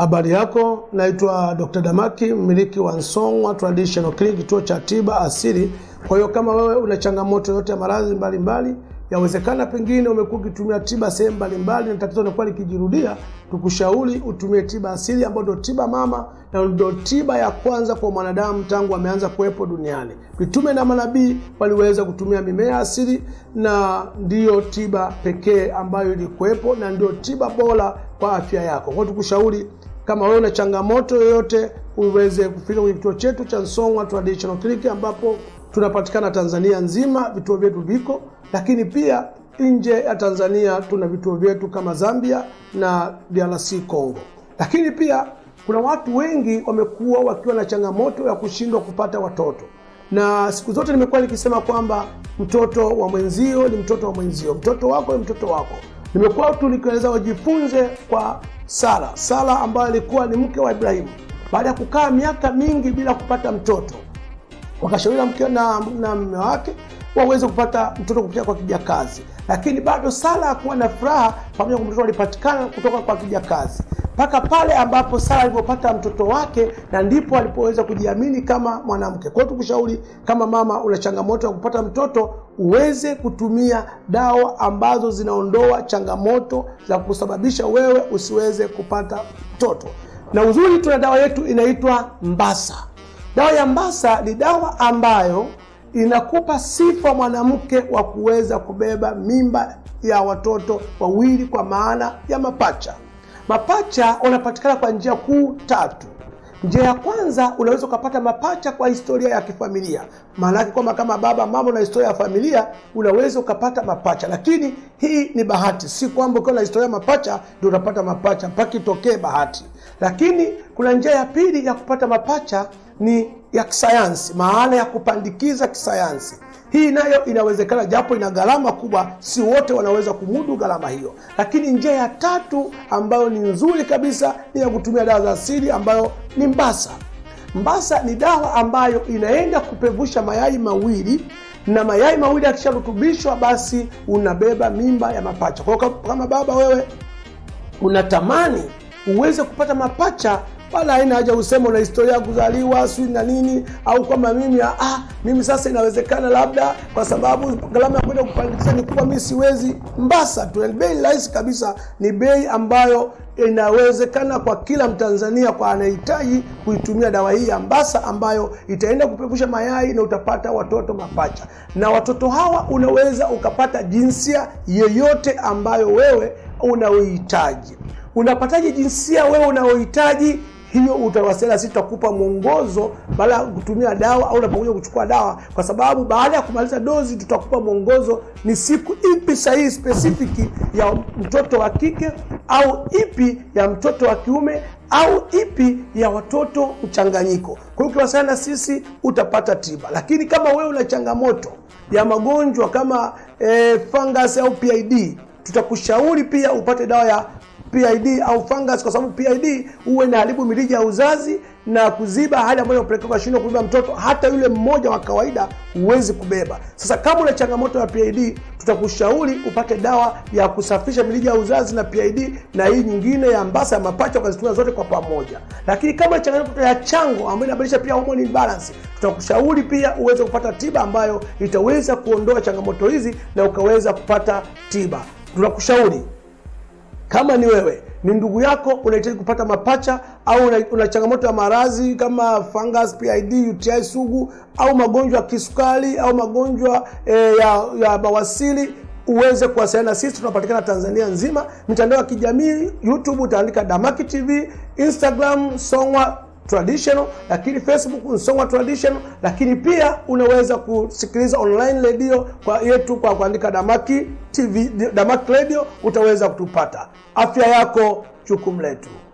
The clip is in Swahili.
Habari yako, naitwa Dr. Damaki, mmiliki wa Song'wa Traditional Clinic, kituo cha tiba asili. Kwa hiyo kama wewe una changamoto yote ya maradhi mbalimbali, yawezekana pengine umekuwa ukitumia tiba sehemu mbalimbali na tatizo linakuwa likijirudia, tukushauri utumie tiba asili ambayo ndio tiba mama na ndio tiba ya kwanza kwa mwanadamu tangu ameanza kuwepo duniani. Mitume na manabii waliweza kutumia mimea asili, na ndiyo tiba pekee ambayo ilikuwepo na ndiyo tiba bora kwa afya yako. Kwa hiyo tukushauri kama wewe una changamoto yoyote, uweze kufika kwenye kituo chetu cha Song'wa Traditional Clinic ambapo tunapatikana Tanzania nzima, vituo vyetu viko, lakini pia nje ya Tanzania tuna vituo vyetu kama Zambia na DRC Congo. Lakini pia kuna watu wengi wamekuwa wakiwa na changamoto ya kushindwa kupata watoto, na siku zote nimekuwa nikisema kwamba mtoto wa mwenzio ni mtoto wa mwenzio, mtoto wako ni mtoto wako. Nimekuwa tu nikieleza wajifunze kwa Sara, Sara ambaye alikuwa ni mke wa Ibrahimu, baada ya kukaa miaka mingi bila kupata mtoto, wakashauriwa mke na na mume wake waweze kupata mtoto kupitia kwa kijakazi, lakini bado Sara hakuwa na furaha pamoja na mtoto alipatikana kutoka kwa kijakazi, mpaka pale ambapo Sara alipopata mtoto wake, na ndipo alipoweza kujiamini kama mwanamke. Kwa hiyo tukushauri kama mama, una changamoto ya kupata mtoto uweze kutumia dawa ambazo zinaondoa changamoto za kusababisha wewe usiweze kupata mtoto. Na uzuri tuna dawa yetu inaitwa Mbasa. Dawa ya Mbasa ni dawa ambayo inakupa sifa mwanamke wa kuweza kubeba mimba ya watoto wawili kwa maana ya mapacha. Mapacha wanapatikana kwa njia kuu tatu. Njia ya kwanza unaweza ukapata mapacha kwa historia ya kifamilia, maana yake kwamba kama baba mama na historia ya familia unaweza ukapata mapacha, lakini hii ni bahati, si kwamba ukiwa na historia ya mapacha ndio unapata mapacha, mpaka itokee bahati. Lakini kuna njia ya pili ya kupata mapacha ni ya kisayansi, maana ya kupandikiza kisayansi. Hii nayo inawezekana, japo ina gharama kubwa, si wote wanaweza kumudu gharama hiyo. Lakini njia ya tatu ambayo ni nzuri kabisa ni ya kutumia dawa za asili ambayo ni mbasa. Mbasa ni dawa ambayo inaenda kupevusha mayai mawili na mayai mawili yakisharutubishwa, basi unabeba mimba ya mapacha. Kwa hiyo kama baba wewe unatamani uweze kupata mapacha wala haina haja useme una historia ya kuzaliwa sui na nini, au kwamba mimi ah, ah, mimi sasa inawezekana labda kwa sababu gharama ya kwenda kupandikisha ni kubwa, mimi siwezi. Mbasa tu bei rahisi kabisa, ni bei ambayo inawezekana kwa kila Mtanzania kwa anahitaji kuitumia dawa hii ya Mbasa ambayo itaenda kupevusha mayai na utapata watoto mapacha, na watoto hawa unaweza ukapata jinsia yeyote ambayo wewe unaohitaji. Unapataje jinsia wewe unaohitaji? hiyo utawasiliana sisi, tutakupa mwongozo baada ya kutumia dawa au unapokuja kuchukua dawa, kwa sababu baada ya kumaliza dozi tutakupa mwongozo ni siku ipi sahihi spesifiki ya mtoto wa kike au ipi ya mtoto wa kiume au ipi ya watoto mchanganyiko. Kwa hiyo ukiwasiliana na sisi utapata tiba, lakini kama wewe una changamoto ya magonjwa kama e, fungus au PID, tutakushauri pia upate dawa ya PID au fungus, kwa sababu PID huwa inaharibu mirija ya uzazi na kuziba, hali ambayo inapelekea kushindwa kubeba mtoto. Hata yule mmoja wa kawaida huwezi kubeba. Sasa kama una changamoto ya PID, tutakushauri upate dawa ya kusafisha mirija ya uzazi na PID na hii nyingine ya mbasa ya mapacha, ukazitumia zote kwa pamoja. Lakini kama changamoto ya chango ambayo inabadilisha pia hormone imbalance, tutakushauri pia uweze kupata tiba ambayo itaweza kuondoa changamoto hizi na ukaweza kupata tiba. Tunakushauri kama ni wewe ni ndugu yako unahitaji kupata mapacha au una, una changamoto ya marazi kama fungus, PID, UTI sugu au magonjwa ya kisukari au magonjwa e, ya, ya bawasili uweze kuwasiliana na sisi. Tunapatikana Tanzania nzima, mitandao ya kijamii YouTube utaandika Damaki TV, Instagram Song'wa traditional, lakini Facebook unasoma traditional, lakini pia unaweza kusikiliza online radio kwa yetu kwa kuandika Damaki TV, Damaki Radio utaweza kutupata. Afya yako jukumu letu.